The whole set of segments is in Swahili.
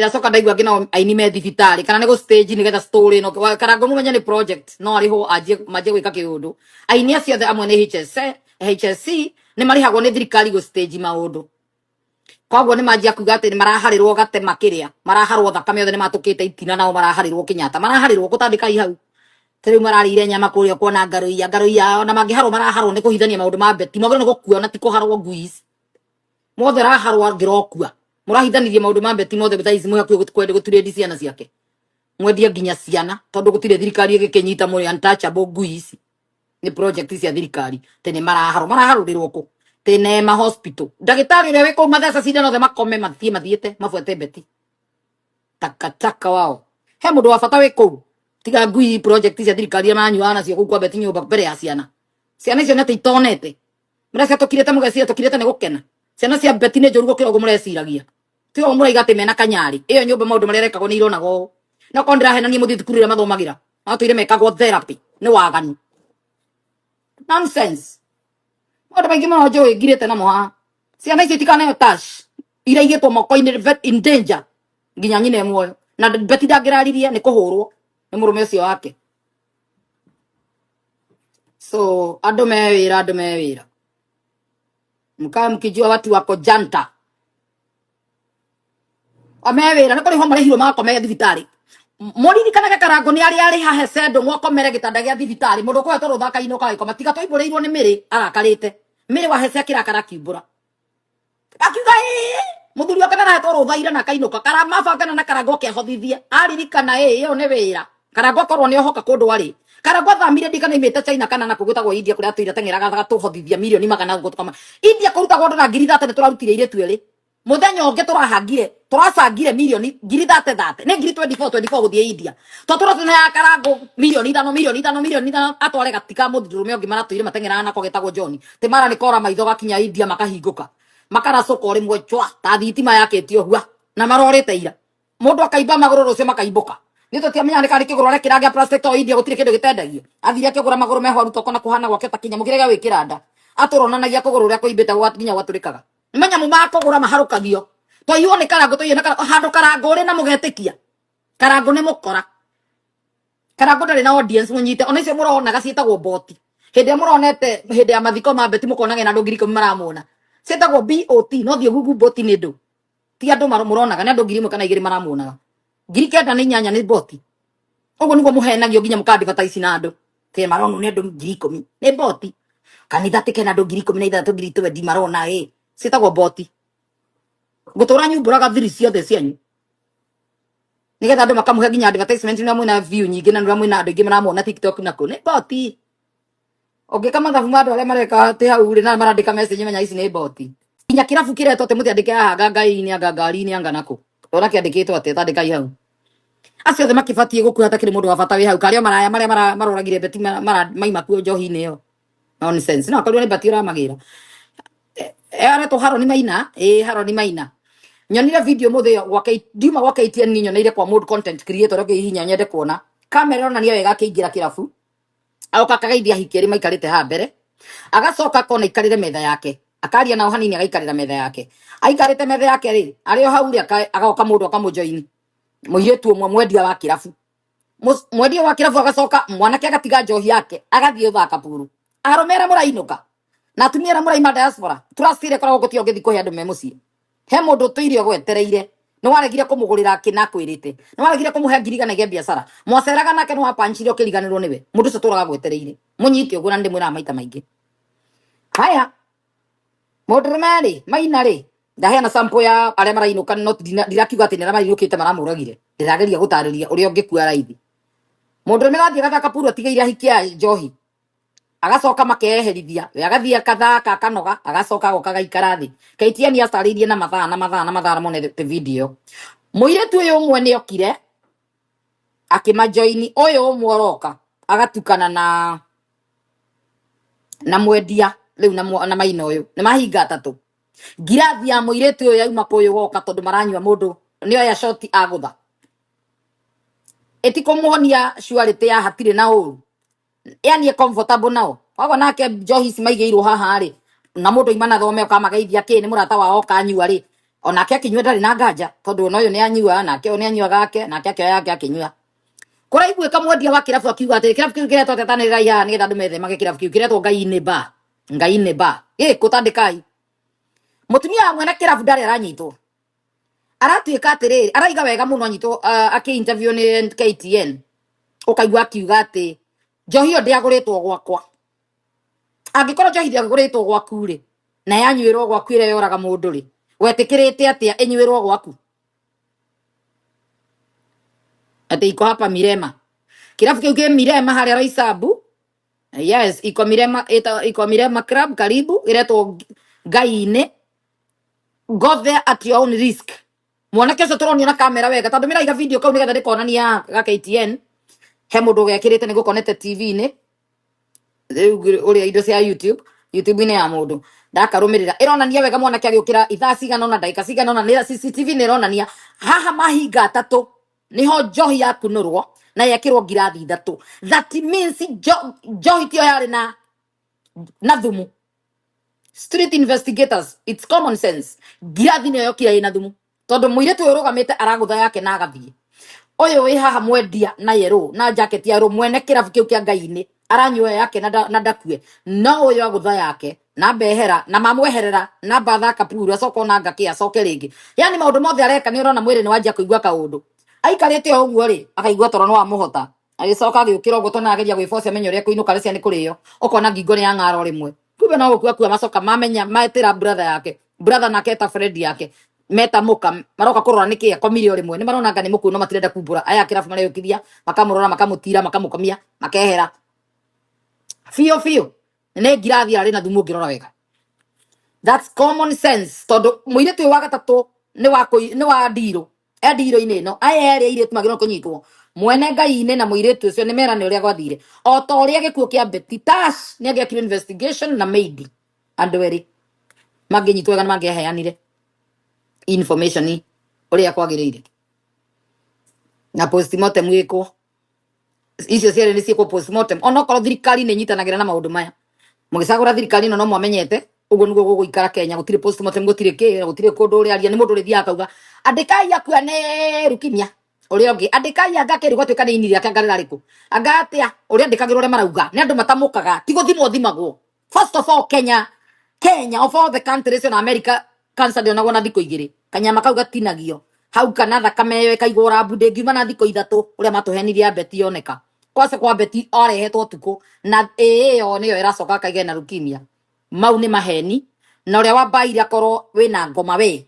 ndacoka ndaigua kina ainime thibitarä kana nä gå stage ni getha story no karango må menya ni project no arä ho manjie gwä ka kä å ndå aini acio othe amwe nä hsc e, ni marä hagwo ni thirikari gå stage maå ndå koguo nä manjia kuga ni nä maraharä rwo gatema kä rä a maraharwo thakame othe nä matå itina nao maraharä rwo kä nyata maraharä rwo gå kai hau tarä u ire nyama kå rä a kuona ngarå iya ngarå iya ona mangä harwo maraharwo nä kå hithania maå ndå ma mbeti magä rwo nä gå kua ona ti kå harwo ngui ici mothe raharwo ngä murahithanirie maundu ma mbeti mothe thaa ici kwenda gutiredi ciana ciake mwendia nginya ciana tondu gutire thirikari igikinyita muri untouchable ngui ici ni project cia thirikari tene maraharo maraharurirwo ku tene ma hospital ndagitari uria wi kuu matheca cindano the makome mathie mathiete mafuete mbeti takataka wao he mundu wa bata wi kuu tiga ngui project cia thirikari ya manyu ana kuu kwa beti nyumba mbere ya ciana ciana icio nete itonete muraciatukire te mugecia tukire te ni gukena ciana cia mbeti ni njuru gukira uguo mureciragia ti o muraiga ati mena kanyari iyo nyumba maundu maria rekagwo ni ironagwo no ko ndirahenanie muthi thukuru ira mathomagira atwire mekagwo therapy ni waganu nonsense maundu maingi muno njui ngirite namo haha ciana icio itikanayo touch ira igitwo moko in danger nginya nyina muoyo na beti ndangiraririe ni kuhurwo ni murume ucio wake so andu me wira andu me wira mkaa mkijua watu wako janta ome wira ni kuri ho marihirwo magakome thibitari muririkanaga karango ni aria ari hahe sendo mwakomere gitanda gia thibitari mundu kwetwo ruthaka-ini ukagikoma tiga twaibũrĩirwo nĩ mĩrĩ arakarĩte mĩrĩ wa hece akirakara kiumbũra akiuga mũthuri wake narahetwo rũthaire na kainũka karamabangana na karango kehothithie aririkana ĩ ĩyo nĩ wĩra karango akorwo nĩ ohoka kũndũ arĩ karango athamire ndigana imĩte China kana na kũgĩtagwo India kũrĩa tũire teng'eraga tũhothithia mirioni magana ngũtũkama India kũrutagwo andũ na ngiri ithatũ nĩ tũrarutire irĩtu muthenya ungi turahagire turacangire mirioni ngiri thate thate ni ngiri 24 24 guthie India to turatune ya karangu mirioni ithano mirioni ithano mirioni ithano atware gatika muthirume ungi maratuire mateng'erana nako getagwo John ti mara ni kora maitho gakinya India makahinguka makaracoka uri mwe chwa ta thitima yaketio ya hua na marorite ira mundu akaimba maguru rucio makaimbuka nä tå tiamenya nä karä kä gå rore kä ragä a india gå tirä kä ndå gä tendagie athire akä gå ra magå rå meho arutoko na kå hana gwake ta kinya må kä rä gä a gwä kä randa atå ronanagia kå gå rå rä a kå imbä te nginya gwatå menya mumako gura maharukagio to iyo ni karango to iyo na karango hando karango ri na mugetikia karango ni mukora karango ndari na audience munyite ona icio murona gacietagwo bot hinde muronete hinde ya mathiko ma beti mukonage na ndungiri kumi maramona cietagwo bot no thio google bot ni ndu ti andu muronaga ni andu ngiri kana igiri maramonaga ngiri kenda na inyanya ni bot uguo niguo muhenagio nginya mukandivataisi na andu te maronu ni andu ngiri ikumi ni bot kanitha tikena andu ngiri ikumi na ithatu ngiri twendi marona ii citagwo boti ngutura nyumburaga thiri ciothe cianyu nigetha andu makamuhe nginya advertisement na view nyingi na mwina andu ingi maramuona tiktok na ku boti ungika mathabu ma andu aria mareka ti hau ri na marandika message menya ici ni boti nginya kirabu kiretwo ati muti andike haha ngangai-ini anga ngari-ini anga naku ona kiandikitwo ati tandikai hau acio othe makibatie gukuo hatakiri mundu wa bata wi hau karia maraya maria maroragire beti maima kuo njohi-ini iyo nonsense no akorirwo ni bati uramagira Eh, aretwo haroni maina ä haroni maina nyonire video må thä ndiuma gwa KTN ni nyoneire kwa mood content creator rä gä hinya nyende kuona kamera onania wega akä ingä ra kä rabu agoka akagaithia hiki erä maikarä te ha mbere agacoka akona aikarä re metha yake akaria nao hanini agaikarä ra metha yake aikarä te metha yake rä arä o hau rä agoka må ndå akamå joini må irä tu å mwe mwendia wa kä rabu mwendia wa kä rabu agacoka mwanake agatiga njohi yake agathiä å thaka puru arå mera må rainå ka na atumia arĩa mũraima diaspora tũracire koragwo gũtia ũngĩthi kũhe andũ me mũciĩ he mũndũ ũtũire ũgwetereire nĩ waregire kũmũgũrĩra kĩna kwĩrĩte nĩ waregire kũmũhe ngiri igana biacara mwaceraga nake nĩ wapanchire ũkĩriganĩrwo nĩwe mũndũ ũcio tũraga gwetereire mũnyite ũguo na nĩ maita maingĩ haya mũndũrũme rĩ maina rĩ ndaheana sampo ya arĩa marainũka no ndirakiuga atĩ nĩ arĩa marainũkĩte maramũragire ndĩrageria gũtarĩria ũrĩa ũngĩkua raithi mũndũrũme gathiĩ gathaka puru atigĩire ahiki njohi agacoka makeherithia we agathia kathaka kanoga agacoka gokaga ikarathi thi KTN yastaririe na mathaa na mathaa na mathaa mone the video muire tu yo mwe ni okire akima join oyo oroka agatukana na na mwedia riu na, na maina oyo ni mahinga tatu girathi ya muire tu yo yauma koyo goka tondu maranywa mundu ni oya shoti agutha muhonia shuarite ya hatire na uru yani e comfortable nao koguo nake njohi ici maigĩirwo haha ri na mũndũ imana thome ũkamageithia kĩ nĩ mũrata wao kanyua rĩ onake akinyua ndari na nganja tondu ona ũyũ nĩ anyua nake ũyũ nĩ anyuaga ake nake akĩoya yake akinyua kũraigua kamwendia wa kirafu kĩrabu kirafu atĩ kĩrabu kĩu ra ya ni nĩgetha andũ methemage kirafu kĩu kĩretwo ngai-inĩ ba ngai-inĩ ba ĩ kũtandĩkai mũtumia wa mwene kĩrabu ndarĩ aranyitwo aratuĩka atĩrĩrĩ araiga wega muno anyitwo uh, akĩ interview nĩ KTN ũkaigua akiuga atĩ njohi ĩyo ndĩagũrĩtwo gwakwa angĩkorwo njohi ndĩagũrĩtwo gwaku rĩ na yanyuĩrwo gwaku ĩrĩa yoraga mũndũ rĩ wetĩkĩrĩte atĩa ĩnyuĩrwo gwaku ati iko hapa Mirema. Kirabu kiu ki Mirema haria Raisabu. Yes, iko Mirema ita, iko Mirema Club karibu iretwo Ngai-inĩ. Go there at your own risk. Mwanake ũcio tũronio na kamera wega tondũ mĩraiga video kau nĩgetha ndĩkonania ga KTN he mundu gekirite ni gukonete tv-ini riu uria indo cia youtube youtube-ini ya mundu ndakarumirira ironania wega mwanake agiukira ithaa cigana ona ndagika cigana ona nira cctv ni ironania haha mahinga atatu niho njohi yakunurwo na yekirwo ngirathi ithatu that means jo, johi tio yarĩ na na thumu street investigators it's common sense ngirathi nĩyo yokire ĩna thumu tondũ mũirĩtu ũyũ ũrũgamĩte aragũtha yake na agathiĩ uyu wi haha mwendia na yero na jacket ya ro mwene kirabu kiu kia ngai-ini aranyua yake na nda- na ndakue no uyu agutha yake na mbehera na mamweherera na mbathaka puru acoka ona ngaki acoke ringi yani maundu mothe areka ni urona mwiri ni wanjia kuigua kaundu aikarite o uguo ri akaigua toro no amuhota agicoka agiukira uguo tona ageria gwibocia menye uria kuinuka ricia ni kurio ukona ngingo ni yang'ara o rimwe kumbe no gukua kua macoka mamenya metira brother yake brother na keta fredi yake metamuka maroka kurora niki akomire uri mwe ni marona ngani mukuno matirenda kumbura aya kirabu mare ukithia makamurora makamutira makamukomia makehera fio fio ne ngirathi ari na thumu ngirora wega that's common sense tondu muire tu waga gatatu ni wa ni wa ndiro e ee ndiro ine no aya ere ire tu magiro kunyitwo mwene ngai ine na muire tu cio ni mera ni uria gwathire o ta uria gikuo kia Betty Tash ni agiakire investigation na Meidi andu eri manginyitwo wega ni mangiaheanire information uria kwagirire na postmortem iko icio ciere ni ciikwo postmortem ona korwo thirikari ni nyitanagira na maundu maya mugicagura thirikari no no mwamenyete uguo niguo guguikara Kenya gutire postmortem gutire ki gutire kundu uri aria ni mundu uri thiaga kauga andikai akua ne rukimia uri ungi andikai anga rigo gwatuika ni iniri ake ngarira riku anga atia uri andikagirwo uria marauga ni andu matamukaga ti guthimwo thimagwo first of all Kenya Kenya of all the countries in America kanca ndionagwo na thiko igä kanyama kau gatinagio hau kana thakame yo ikaigwo rabu ndängiuma na thiko ithatu å rä a matåhenirie abeti yoneka kwase kwa beti orehetwo tuko na ä yo nä yo ä racoka akaigä na rukimia mau ni maheni na å wa a wambaire akorwo wä na ngoma we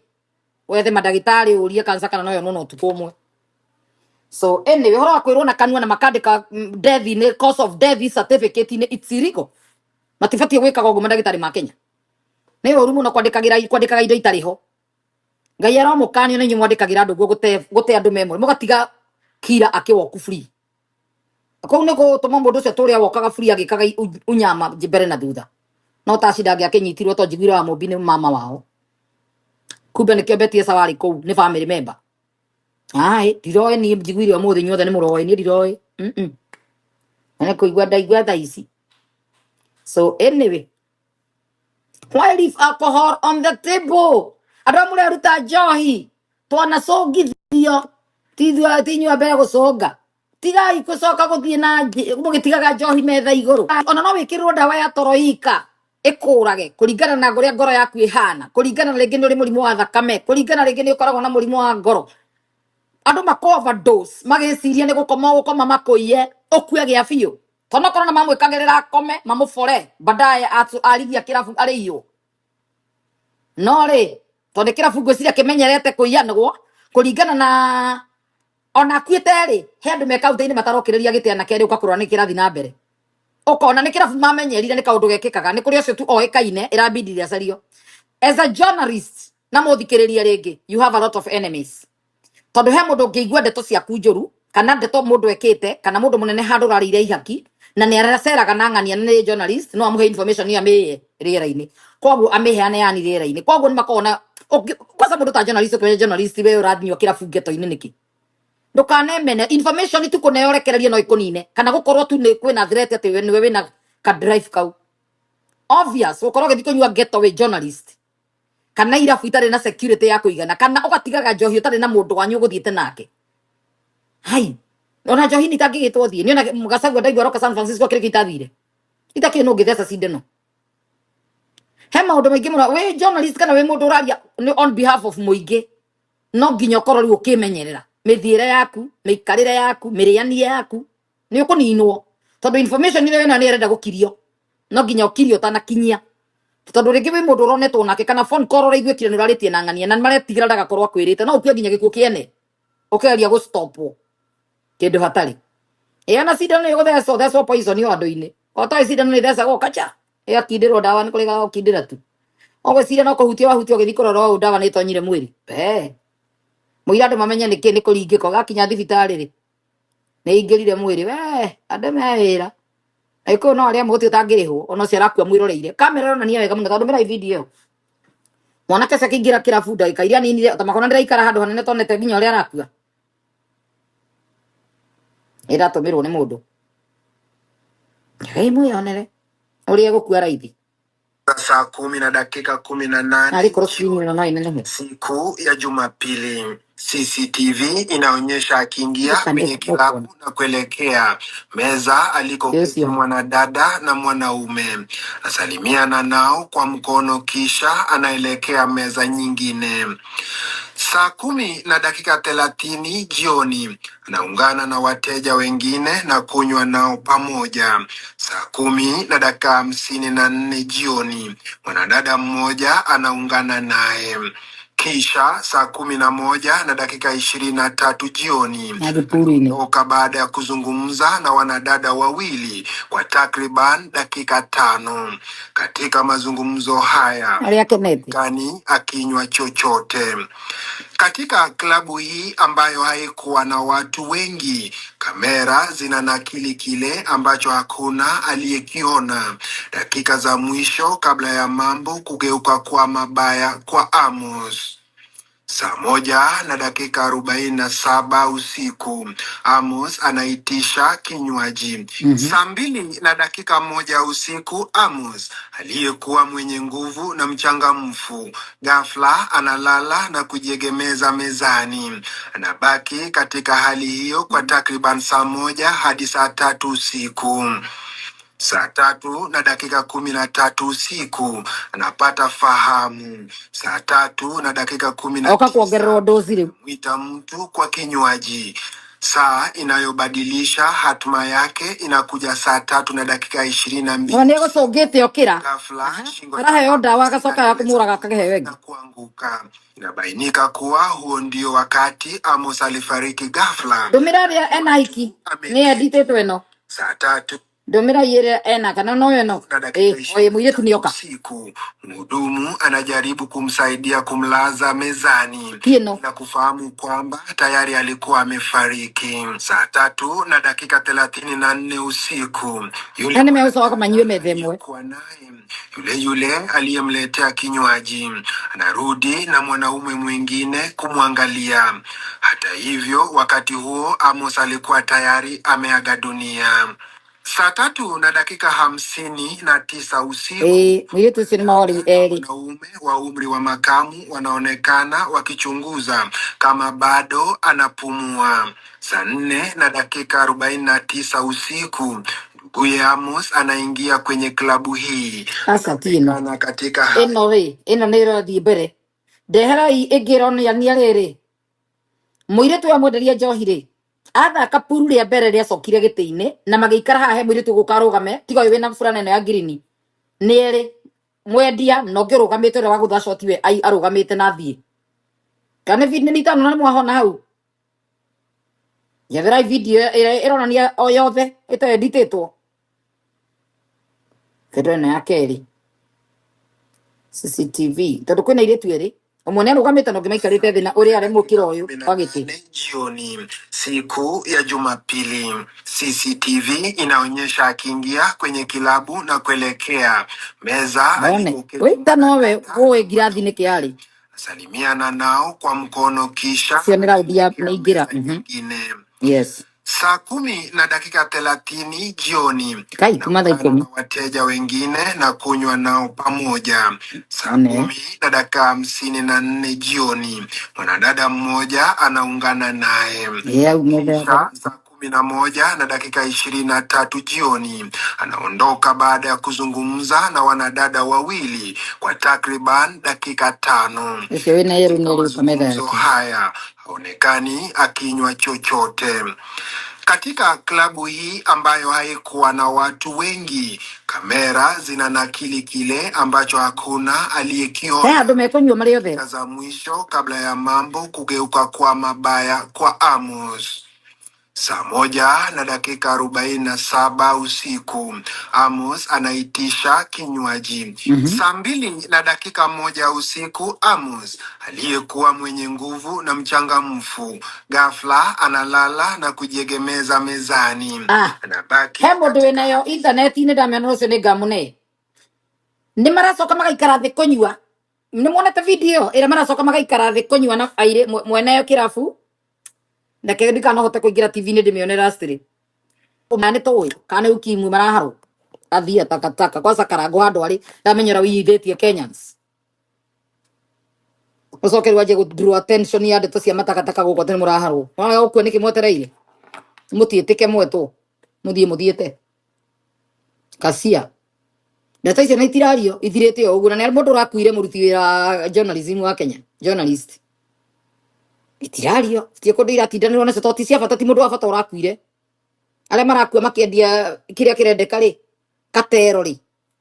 wethe madagitari ũrie kansa kana noyo nona tuko ũmwe so anyway ũhoro wa kwĩrwo na kanua na makandĩka mm, death-inĩ cause of death certificate-inĩ itsiriko matifati matibatiĩ gwĩkaga ũguo mandagĩtarĩ ma Kenya nä å muno kwandikagira kwandikaga kwandäkaga indo itarä ngai aromukanio na inyuä mwandäkagä ra andå guo gå te andå memwe må gatiga kira akä woku buri koguo nä gå tå ma må toria å cio tå rä wokaga buri agä kaga unyama jibere na thutha no ta tacindangä akä nyitirwo to njiguire wa mobi mbi mama wao kuben ke beti kä ombetie ko kå family member ai memba ni ndiroä wa mothe nyothe ni nyuothe ni må mm mm ne ko igwa da igwa da isi so anyway why leave alcohol on the table andå arä a må reruta njohi twanacångithio tinyua mbere gå cånga tigai gå coka gå thiä na må gä tigaga njohi metha igå rå ona no wä kä rä rwo ndawa ya toroika ikurage kuringana na guria ngoro yaku ihana kuringana ringi ni uri murimu wa thakame kuringana ringi ni ukoragwo na murimu wa ngoro andu makoverdose magiciria ni gukoma gukoma makuiye ukue gia biu tono tonokorwo na kome akome mamubore baadaye atu arithia kirabu ari iyo no ri tondu kirabu ngwiciria kimenyerete kuiyanwo kuringana na ona akuite ri he andu me kaunti-ini matarokiriria gite na keri ukakorwo ni kirathi na mbere ukona ni kirabu mamenyerire ni kaundu gekikaga ni kuri ucio tu oikaine irabindire acario as a journalist na muthikiririe ringi you have a lot of enemies tondu he mundu ngeigua ndeto ciaku njuru kana ndeto mundu ekite kana mundu munene handå rarä ire ihaki na nä aracera kana ng'ania nä journalist no amuhe information ya amä rera ini inä koguo amä heane yani rä ra-inä koguo makona kwa sababu ndo ta journalist kwa journalist we å rathinywa kila rabu ngeto-inä nä kä ndukanemene information tu kuneo rekererie no ikunine kana gukorwa tu ni kwina threat ati we ni we na ka drive kau obvious gukorwo githi kunyua ghetto we journalist kana ira fuitare na security ya kuigana kana ugatigaga njohi utari na mundu wanyu guthiete nake hai ona njohi ni kagi gitwo thie ni ona mugasagu ndaigwa roka San Francisco kiri gitathire itaki no ngithesa cindano he maundu maingi mura we journalist kana we mundu uraria on behalf of muingi no nginya ukorwo riu ukimenyerera mithiire yaku miikarire yaku mirianie yaku ni ukuninwo tondu information ile wena ni irenda gukirio no nginya ukirio utanakinyia tondu ringi wi mundu uronetwo nake kana phone call uraiguikire ni uraritie na ng'ania na maretigira ndagakorwo akwirite no ukue nginya gikuo kiene ukegeria gustopwo kindu hatari e ana sida nä go thecwo thecwo poison yo o inä sida cindano nä go kacha e atindirwo ndawa nä kå ga gåkindä tu o go sida no ko hutia wa å gä thiä kå rora å ndawa nä tonyire mwä ri må ira andå mamenye nä kä nä kå ringä ko gakinya thibitarä rä nä ingä rire mwä rä we andå me era ra na ikå no arä a må ti å tangä rä hwo ona å cio arakua mwä roreire kamera wega må no tondå mä rai video mwana kesa kingira ingä ra kä rabu iria ninire ta makona ndira ikara handu hanene tonete ginyo å rä arakua iratũmirwo nĩ mũndũ rei mwĩonere ũrĩa egũkua raithi saa kumi na dakika kumi na nane alikorwo siku ya Jumapili. CCTV inaonyesha akiingia kwenye kilabu na kuelekea meza Yes, mwanadada na mwanaume, asalimiana nao kwa mkono, kisha anaelekea meza nyingine saa kumi na dakika thelathini jioni anaungana na wateja wengine na kunywa nao pamoja. Saa kumi na dakika hamsini na nne jioni mwanadada mmoja anaungana naye kisha saa kumi na moja na dakika ishirini na tatu jioni toka baada ya kuzungumza na wanadada wawili kwa takriban dakika tano. Katika mazungumzo haya kani akinywa chochote katika klabu hii ambayo haikuwa na watu wengi, kamera zinanakili kile ambacho hakuna aliyekiona. Dakika za mwisho kabla ya mambo kugeuka kwa mabaya kwa Amos saa moja na dakika arobaini na saba usiku Amos anaitisha kinywaji mm -hmm. Saa mbili na dakika moja usiku Amos aliyekuwa mwenye nguvu na mchangamfu, ghafla analala na kujiegemeza mezani. Anabaki katika hali hiyo kwa mhm. takriban saa moja hadi saa tatu usiku. Saa tatu na dakika kumi na tatu usiku anapata fahamu. Saa tatu na dakika kumi na mwita mtu kwa kinywaji. Saa inayobadilisha hatima yake inakuja saa tatu na dakika ishirini na mbili araheo dawa agacoka kuanguka. Inabainika kuwa huo ndio wakati Amos alifariki ghafla. ndumira ria ena hiki saa tatu ndomĩra yere ena kana no yeno eh, oye muiretu tunioka mhudumu anajaribu kumsaidia kumlaza mezani Kino. na kufahamu kwamba tayari alikuwa amefariki. Saa tatu na dakika thelathini na nne usiku yule nani meuso wako manyue mwanadada eh? yule yule aliyemletea kinywaji anarudi na mwanaume mwingine kumwangalia. Hata hivyo, wakati huo Amos alikuwa tayari ameaga dunia saa tatu na dakika hamsini na tisa usiku eh, wanaume wa umri wa makamu wanaonekana wakichunguza kama bado anapumua. Saa nne na dakika arobaini na tisa usiku nduguye Amos anaingia kwenye klabu hii Asa tino. anaonekana katika hali Ino we, ino nero di bere. Dehera i egero ya niarere. Mwitu ya athaka puru ria mbere riacokire giti-ini na magiikara haha he mwiritu gukarugame tiga uyu wina fulana ino ya ngirini ni eri mwendia na ungi urugamite uria wa gutha shoti we ai arugamite na thie kana video ni itano na mwahona hau yethera video ira ironania o yothe ito edititwo kendo ino ya keri CCTV tondu kwina iritu eri Mwene arugamite na ngima ikarite thina uria aremukira uyu wa giti jioni siku ya Jumapili, CCTV inaonyesha akiingia kwenye kilabu na kuelekea meza mone alikoketi wita nowe uwe ngirathi ni kiari salimiana nao kwa mkono kisha cionera uthia ni mhm. yes saa kumi na dakika thelathini jioni wateja wengine na kunywa nao pamoja. Saa Ne. kumi na dakika hamsini na nne jioni mwanadada mmoja anaungana naye. yeah, saa kumi na moja na dakika ishirini na tatu jioni. Anaondoka baada ya kuzungumza na wanadada wawili kwa takriban dakika tano. Mazungumzo haya haonekani akinywa chochote. Katika klabu hii ambayo haikuwa na watu wengi, kamera zinanakili kile ambacho hakuna aliyekiona za mwisho kabla ya mambo kugeuka kwa mabaya kwa Amos saa moja na dakika arobaini na saba usiku Amos anaitisha kinywaji. mm -hmm. Saa mbili na dakika moja usiku Amos aliyekuwa mwenye nguvu na mchangamfu, ghafla analala na kujiegemeza mezani. ah. Anabaki he mundu intaneti-ini maracoka magaikara thi kũnyua nĩ muonete video maracoka magaikara thĩ kũnyua na aire mweneyo kĩrabu na hote ndikanahote kuingira tv ni ndimionera straight umane toy kana uki mwe maraharo athia takataka kwanza karagwa andu ari ndamenyera wiithĩtie kenyans ucokerwo anjie draw attention ya ndeto cia matakataka guko tene muraharwo wona ukue niki mwetereire mutiĩtĩke mwetwo muthie te kasia ndeto icio na itirario ithirĩte o ũguo na nĩ mũndũ ũrakuire mũruti wĩra wa journalism wa Kenya journalist itirario citikunda iratinda nä rona to ti cia bata ti må ndå wa bata å rakuire arä a marakua makiendia kä rä a kä rendeka rä katero rä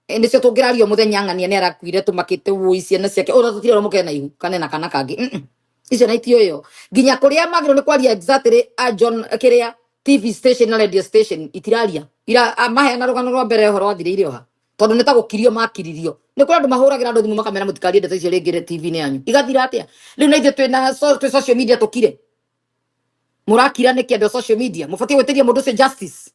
eh, nä cio tå ngä rario må thenya ng'ania nä arakuire tå makä te wå ciana ciake ona tå tirarwo må ihu kane na kana kangä icio na itio yo nginya kå rä a magä rwo nä kwaria exactly a john eh, kä tv station na radio station itiraria maheana rå gano rwa mbere å horo wathirä ire oha tondu ni ta gukirio makiririo ni kuri andu mahuragira andu thimu makamera mutikarie ndeto icio ringi re tv ni yanyu igathira atia riu na ithuĩ twina so- social media tukire murakira ni kiende social media mubatie gwetiria mundu ucio justice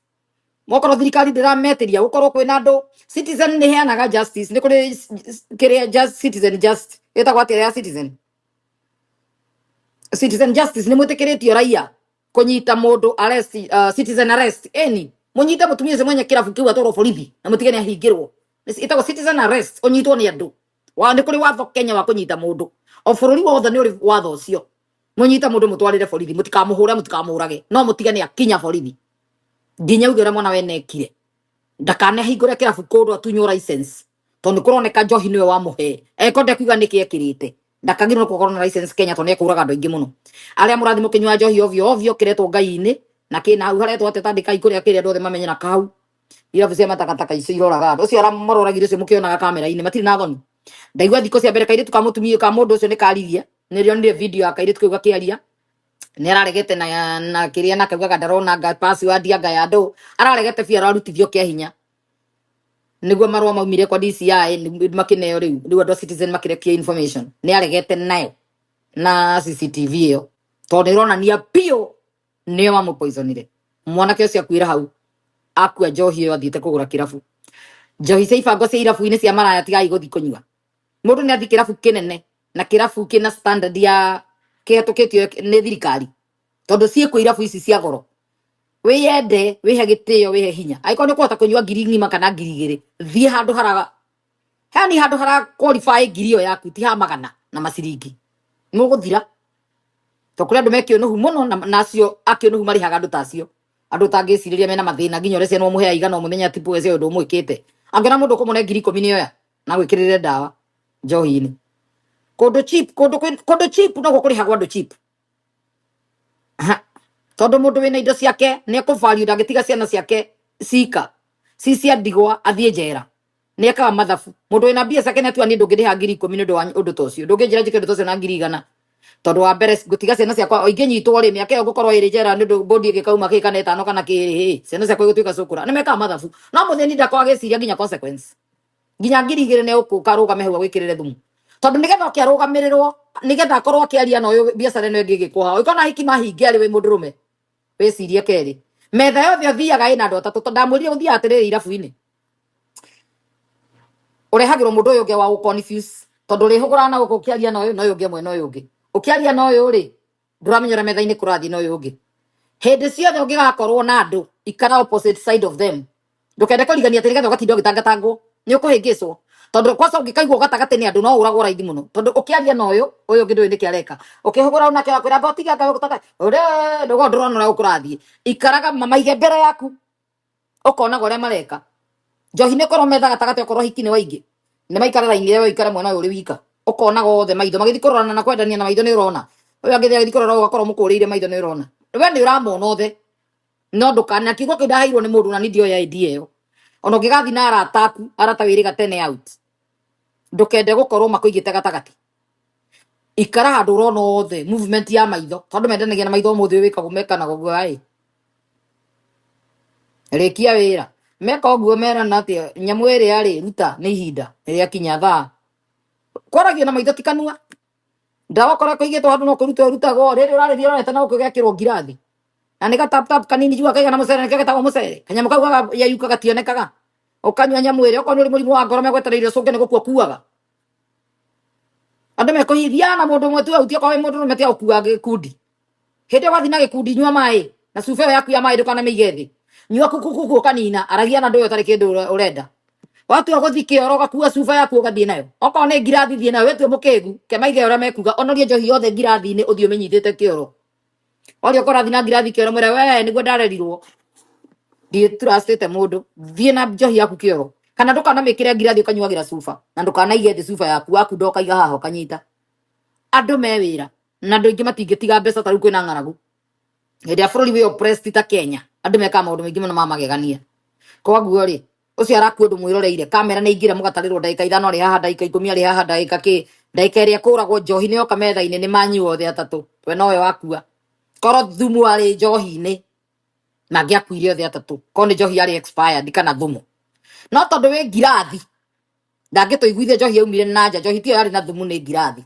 mokorwo thirikari ndĩrametĩria gũkorwo kwĩna andũ citizen nĩ heanaga justice nĩ kũrĩ s- s- kĩrĩa just citizen just ĩtagwo atĩa ya citizen citizen justice nĩ mwĩtĩkĩrĩtio raia kũnyita mũndũ arrest uh, citizen arrest any eni mũnyite mũtumia ũcio mwenye kĩrabu kĩu atwarwo borithi na mũtigane ahingĩrwo itagwo citizen arrest unyitwo ni andu wa ni kuri watho Kenya wa kunyita mundu o bururi wothe ni uri watho ucio munyita mundu mutwarire borithi mutikamuhure mutikamuurage no mutige ni akinya borithi nginya uge uria mwana wenekire ndakane hingure kirabu kundu atunywo license tondu kuroneka johi niwe wamuhe ekonde kuiga niki ekirite ndakagirwo kukorwo na license Kenya tondu ekuraga andu aingi muno aria murathimo kinywa johi ovyo ovyo kiretwo ngai-ini na kina hau haretwo atetathika ikuria kiria andũ othe mamenye kau irabu cia matakataka icio iroraga andå ũcio aramororagire ũcio mũkĩonaga kamera-inĩ matirĩ na thoni ndaigua thikũ cia mbere kairĩtu ka mũtumia ka mũndũ ũcio nĩ karirie nä rionire video ya kairĩtu kau gakĩaria nä araregete na na kĩrĩa na kaugaga ndaronanga password ya ngaya andå araregete biũ ararutithio kia hinya nĩguo marũa maumire kwa DCI nĩ- makĩneo rĩu rĩu andũ a Citizen makĩrekia information nĩ aregete nayo na CCTV yo ĩyo tondũ nĩronania biũ nĩo mamũpoisonire mwanake ũcio akuire hau akua njohi iyo athiite kugura kirabu njohi cia ibango cia irabu-inä cia maraya tigai gå thiä kå nyua må ndå nä athi kä rabu kä na kä rabu standard ya kä hetå tio nä thirikari tondå ciäkwo irabu ici cia goro wä yende wä he gä tä o hinya angä korwo nä kåhota kå nyua ngiri ng'ima kana ngiri igä rä thiä handå hara yani handå hara qualify ngiri ä yo yaku ti ha magana na maciringi må gå thira tokå rä andå mekä na acio akio nuhu nä hu ta acio andu tangiciriria mena mathina nginya uria ciana muhea igana mumenye ati pweze undu mwikite angena mundu kumune ngiri ikumi ni oya na gwikirire ndawa njohi-ini kundu cheap kundu kundu cheap no gukurihagwa andu cheap tondu mundu wina indo ciake ni ekuvalue ndangitiga ciana ciake cika ci cia ndigwa athie njera ni ekaga mathabu mundu wina mbia ciake ni atua ni ndungiriha ngiri ikumi ni undu wa undu ta ucio ndungijira njike undu ta ucio na ngiri igana tondu wa mbere ngutiga ciana ciakwa ingĩnyitwo ri mĩaka ĩyo ngũkorwo ĩrĩ njera nĩ ũndũ mbũndi ĩgĩkauma kĩ kana ĩtano kana kĩrĩ hĩ ciana ciakwa igũtuĩka cũkũra ni meka mathabu no ni ndakwa gĩciria nginya consequence nginya ngiri ne uku karuga mehwa gwikirire thumu tondå ni getha å kä arå getha akorwo akä aria na å biacara ä no ä ngä gä kwo hao ikona hikima hingi arä wä må ndå rå me metha yothe å thiaga ä na andå atatå tondamwä rire gå thiaga atä rä rä irabu-inä å rehagä rwo må wa gå tondå rä hå gukukiaria rana gå kå kä aria na å yå na å yå mwena å yå ukiaria na uyu ri nduramenyera metha-ini kurathi na uyu ungi hindi ciothe ungigakorwo na andu ikara opposite side of them ndukende kurigania ati nigetha ugatinda ugitangatangwo ni ukuhingicwo tondu kwaca ungikaigwo gatagati ni andu no uragwo raithi muno tondu ukiaria na uyu uyu ungi ndui ni kiareka ukihugura unake wakwira mbo tiga ngawe gutata uri ndugo ndurona uria ukurathi ikaraga mamaige mbere yaku ukonaga uria mareka njohi ni korwo metha gatagati okorwo hiki ni waingi ni maikara raini wewe ikare mwana uyu uri wika ukonaga othe maitho magithi kurorana na kwendania na maitho ni urona uyu angithi agithii kurora ugakorwo mukurire maitho ni urona we ni uramona othe no ndukana kiugo kiu ndaheirwo ni mundu na ni ndioya idea iyo ona ungigathi na arata aku arata wiri tene out ndukende gukorwo makuigite gatagati ikara handu urona othe movement ya maitho tondu mendanagia na maitho muthi wikagu mekanaga uguo ai rikia wira meka uguo merana atia nyamu iria ri ruta ni ihinda riakinya thaa kwaragio na maitho tikanua ndawa kora kuigitwo andu no kurutwo irutagwo riri urarithia urorete na guku ngirathi na ni gatap tap kanini jua kaiga na mucere nikio getagwo mucere kanyamå kau gaga- yayuka gationekaga ukanyua nyamu ire okorwo ni uri murimu wa ngoro megwetereire ucunge ni gukua kuaga andå mekuhithia na må ndå mwe tu kwa må metia gå kua gä wathi na gä nyua maä na cuba yaku ya maä ndå kanamä nyua kukukuku å kanina aragia na ndå yo tarä kä ndå å renda watu wa gothi kioro gakua cuba yaku ugathie nayo oko ne girathi thie nayo wetu mukegu ke maige ora mekuga onorie jo hiothe girathi ni uthio menyithite kioro ori okora thina girathi kioro mure we ni gwa darerirwo di trustete mudu thie na jo hiaku kioro kana nduka na mikire girathi ukanyuagira cuba na nduka na igethe cuba yaku waku ndoka iga haho kanyita ando mewira na ndu ingima tingitiga mbeca taru kwina ngaragu hedia froli we oppressed ta kenya ando meka maudu mingima na mama gegania kwa guori ucio araku ndu mwiroreire kamera ni ingire mugatarirwo ndagika ithano ari haha ndagika ikumi ari haha ndagika ki ndagika iria kuragwo njohi nio kamera-ini ni manyi othe atatu we nowe wakua korwo thumu ari njohi-ini mangiakuire othe atatu korwo ni njohi ari expired kana thumu no tondu wi ngirathi ndangituiguithia njohi yaumire na nja njohi tiyo yari na thumu ni ngirathi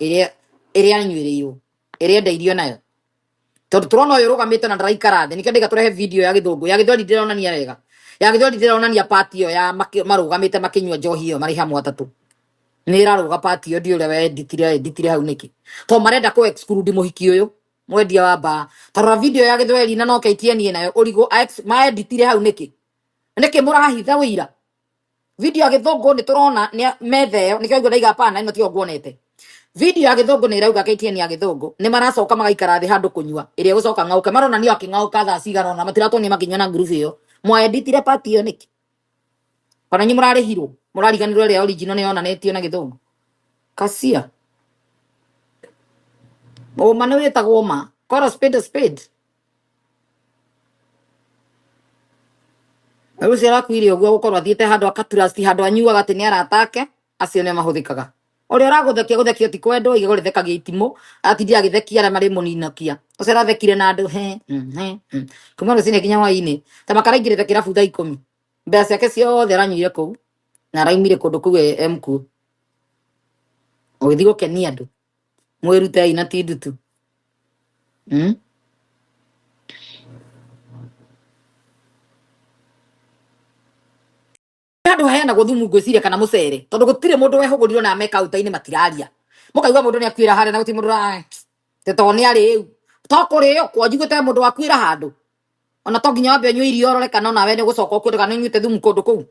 iria iria nyuiriirwo iria ndeirio nayo tondu turona uyu rugamite na ndaraikara thi nikio ndiga turehe video ya githungu ya githweri ndironania wega ya githori ndironania pati yo ya marugamite makinywa njohi yo mari hamwe atatu ni iraruga pati yo ndiure we editire editire hau niki to marenda ku exclude muhiki uyu mwendia wa baa tarora video ya githweri na no KTN nayo urigo ma editire hau niki niki murahitha wira video ya githungu ni turona ni methe yo nikyo ngona igapana ino tio nguonete video ya githungu ni irauga KTN ya githungu ni maracoka magaikara thi handu kunywa iria gucoka ngauke maronanio akingauka thaa cigana ona matiratwo ni makinywa na ngurubu iyo mwenditire part iyo niki kana nyu murarihirwo murariganirwo ria original ni yonanetio na githungu kasia uma ni ta uma kora spade a spade na ucio arakuire uguo gukorwo athiite handu akaturasti handu anyuaga ati ni aratake acio ni mahuthikaga uria gå guthekio ti kwendwo thekia arä a marä må ninakia å ucio arathekire na andå he mm, mm. kuma rucini nginya hwaini ta makaraingirite kirabu thaa mi mbea ciake ciothe aranyuire u na araumire kundu kuu e, e mkuo kenia gukenia andu mwirutei na ti ndutu mm? andu heanagwo thumu ngwiciria kana mucere tondu gutire mundu wehugurirwo na meka utaini matiraria mukaigua mundu ni akwira hare na guti mundu te to ni ari riu to kuri yo kwa njiguite mundu akwira handu ona to nginya wambe unyue irio urore kana onawe ni gucoka ukuire kana unyuite thumu kundu kuu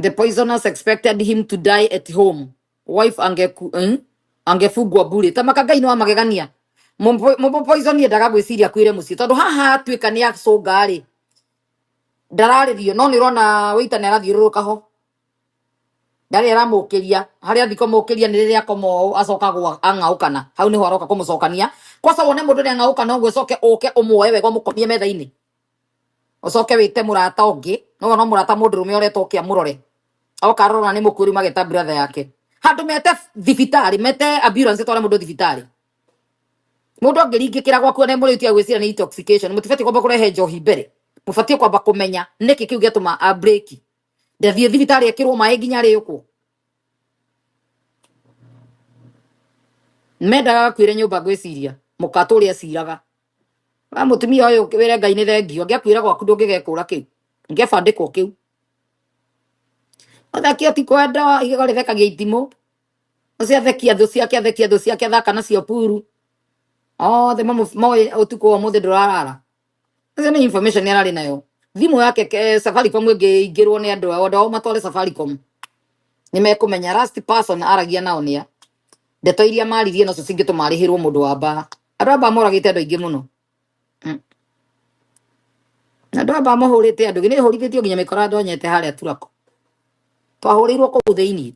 The poisoners expected him to die at home. Wife angeku, eh? Hm? angefugwa bure tamaka ngai no amagegania mupoisoni endaga gwiciria kwire mucii tondu haha atuika ni acunga ri ndararĩrio no nä rona wä ni nä ho ndarä aramå kä ria harä a thiko må kä ria nä hau nä ho aroka kå må cokania kwaca wone må ndå nä ang'aå kana å guo wega å metha-inä å coke wä te må rata no wona må rata må ndå rå me å retwo å kä a må rore må mageta brathe yake handå mete thibitarä mete ambulance tware må ndå thibitarä må ndå angä ringä kä ra gwakuona må må tibatiä kwamba kå njohi mbere mubatie kwamba kumenya niki kiu getuma a break ndathie thibitari ekirwo mai nginya riuku mendaga gakwire nyumba ngwiciria mukaturia aciraga wa mutumia uyu wire ngai ni thengio ngiakwira gwaku ndungigekura kiu ngiabandikwo kiu athaki atikwenda igego rithekagia itimu uciathekia thu ciake athekia thu ciake athaka nacio puru oh the mamu mamoe utuku wa muthe ndurarara sasa nĩ information ararĩ nayo thimũ yake ke- Safaricom ĩngĩingĩrwo nĩ andũ ao andũ ao matware Safaricom nĩ mekũmenya last person aragia nao nĩa ndeto iria maririe nacio cingĩtũma arĩhĩrwo mũndũ wa mbaa andũ a mbaa moragĩte andũ aingĩ mũno Mm. andũ a mbaa mahũrĩte andũ nĩ hũrithĩtio nginya mĩkora ndonyete harĩa Turako twahũrĩirwo kũu thĩinĩ